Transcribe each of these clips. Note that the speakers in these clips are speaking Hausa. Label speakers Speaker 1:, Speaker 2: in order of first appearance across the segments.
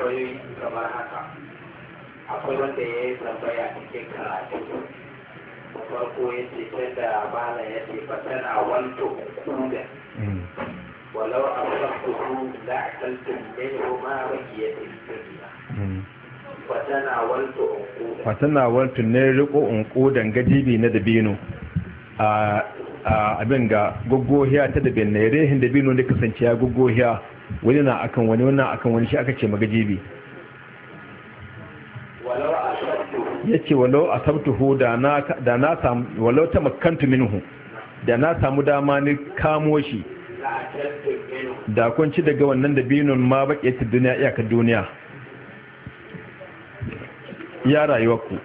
Speaker 1: tambayoyi kamar haka akwai wanda ya yi tambaya a cikin karatu da farko ya ce can da bala ya ce ba tana wanto kuda walau a farko da akaltun ne ma baki ya ce hmm. fatana walto unkuda
Speaker 2: fatana walto ne riko unkudan gadibi na dabino a abin ga goggohiya ta da bin na rehin dabino da kasance ya goggohiya wani na akan wani na akan wani shi aka ce magajibi ya ce walau a sabtuhu da na samu walau ta makantu minuhu da na samu dama ni kamo shi da kunci daga wannan da binun ma baƙe ta duniya iyakar duniya ya rayuwa ku.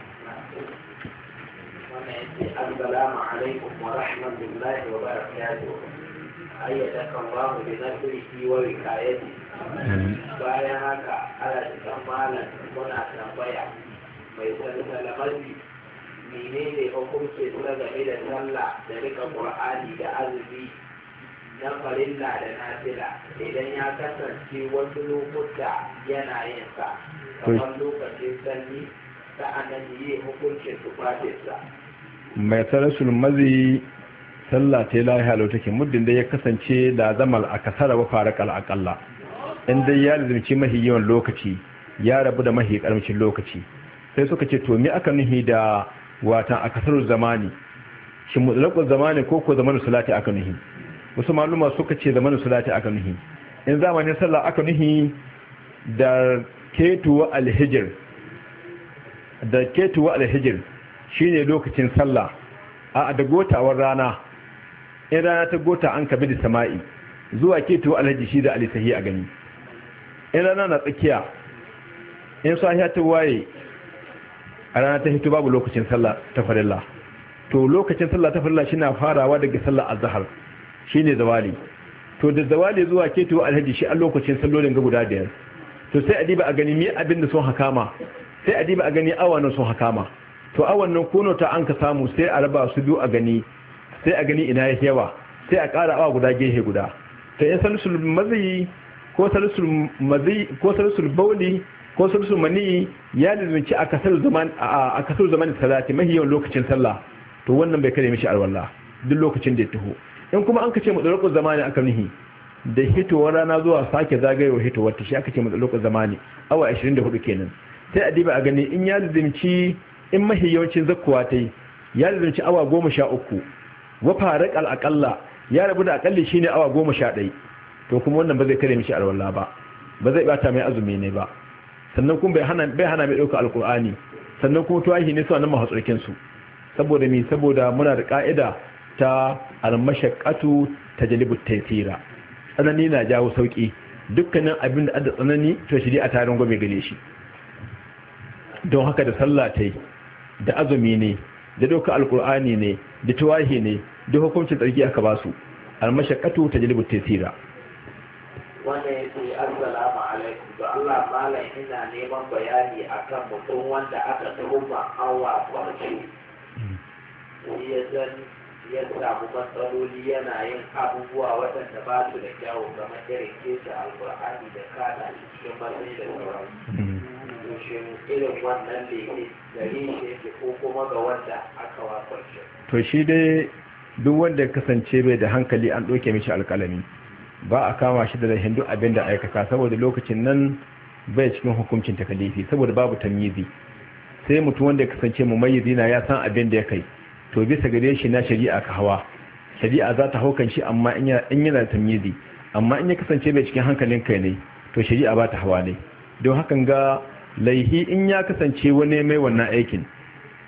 Speaker 1: ayyata kan ba mu da nasirki wa rikayati bayan haka ala cikin malam muna tambaya mai salamazi mene ne hukunci ta game da sallah da rika qur'ani da azumi na farilla da nafila idan ya kasance wasu lokuta yana yin sa kamar lokacin sanyi sa'annan yi hukuncin tufafinsa
Speaker 2: mai sarasul mazi sallah ta lahi halau take muddin da ya kasance da zamal a kasara wa fara kal'akalla in dai ya lizimci mahi yawan lokaci ya rabu da mahi karamcin lokaci sai suka ce to me aka nuhi da watan a kasar zamani shi mutlaqul zamani ko ko zamanin salati aka nuhi wasu maluma suka ce zamanin salati aka nuhi in zamanin sallah aka nuhi da ketuwa alhijir da ketuwa alhijir shine lokacin sallah a da gotawar rana in rana ta gota an kabi da sama'i zuwa tuwa alhaji shi da alisahi a gani in rana na tsakiya in sahiya ta waye a rana ta hito babu lokacin sallah ta farilla to lokacin sallah ta farilla shi na farawa daga sallah Shi ne zawali to da zawali zuwa tuwa alhaji shi a lokacin sallolin ga guda biyar to sai adiba a gani mi abin da sun hakama sai adiba a gani awa nan sun hakama to awan nan kono ta an ka samu sai a raba su biyu a gani sai a gani ina ya yawa sai a ƙara awa guda gehe guda ta yin salisul mazi ko salisul mazi ko salisul bauli ko salisul mani ya lulunci a kasar zaman a kasar zaman salati mahi yawan lokacin sallah to wannan bai kare mishi alwala duk lokacin da ya taho in kuma an kace mutsalokun zamani aka nihi da hitowar rana zuwa sake zagayewar hitowar ta shi aka ce mutsalokun zamani awa 24 kenan sai a diba a gani in ya lulunci in mahi yawancin zakkuwa ta yi ya lulunci awa uku. wa alakalla ya rabu da akalli shine awa goma 11 to kuma wannan ba zai kare mishi alwala ba ba zai bata mai azumi ne ba sannan kuma bai hana bai hana mai dauka alqur'ani sannan kuma tuwahi ne suna nan mahatsurkin su saboda mi saboda muna da ka'ida ta al ta tajlibu ta tsira. tsanani na jawo sauki dukkanin abin da adda tsanani to shi a tarin gobe gare shi don haka da sallah tai da azumi ne da doka alqur'ani ne da ne duk hukuncin tsarki aka ba su almashakatu ta ta tsira
Speaker 1: wanda ya ce assalamu alaikum Allah malam ina neman bayani akan mutum wanda aka tuhuma awa kwarci ya zan ya samu matsaloli yana yin abubuwa waɗanda ba su da kyawu gama irin kesa alfahari da kada cikin matsayi da sauransu
Speaker 2: hmm. to shi dai duk wanda ya kasance bai da hankali an ɗauke mishi alkalami ba a kama shi da hindu abin da aikata saboda lokacin nan bai cikin hukuncin takalifi saboda babu tamyizi sai mutum wanda ya kasance mai na ya san abin da ya kai to bisa gare shi na shari'a ka hawa shari'a za ta haukan shi amma in yana da tamyizi amma in ya kasance bai cikin hankalin kai ne to shari'a ba ta hawa ne don hakan ga laihi in ya kasance wani mai wannan aikin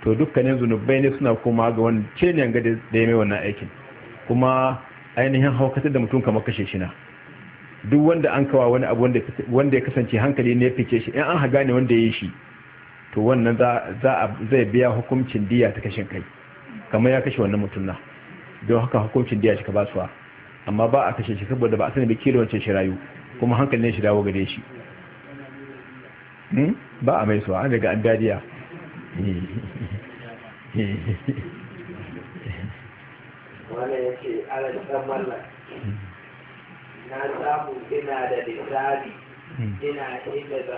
Speaker 2: to dukkanin zunubai ne suna koma ga wani ce ne ga da ya mai wannan aikin kuma ainihin haukatar da mutum kamar kashe shi duk wanda an kawa wani abu wanda ya kasance hankali ne ya fice shi in an haga ne wanda ya yi shi to wannan zai biya hukuncin diya ta kashin kai kamar ya kashe wannan mutum na don haka hukuncin diya shi ka basuwa amma ba a kashe shi saboda ba a sani da kila wancan shi rayu kuma hankali ne shi dawo gare shi Hmm? ba a mai suwa daga an dadiya ya
Speaker 1: ce ala da mallan
Speaker 2: na samu ina da lissafi hmm. ina inda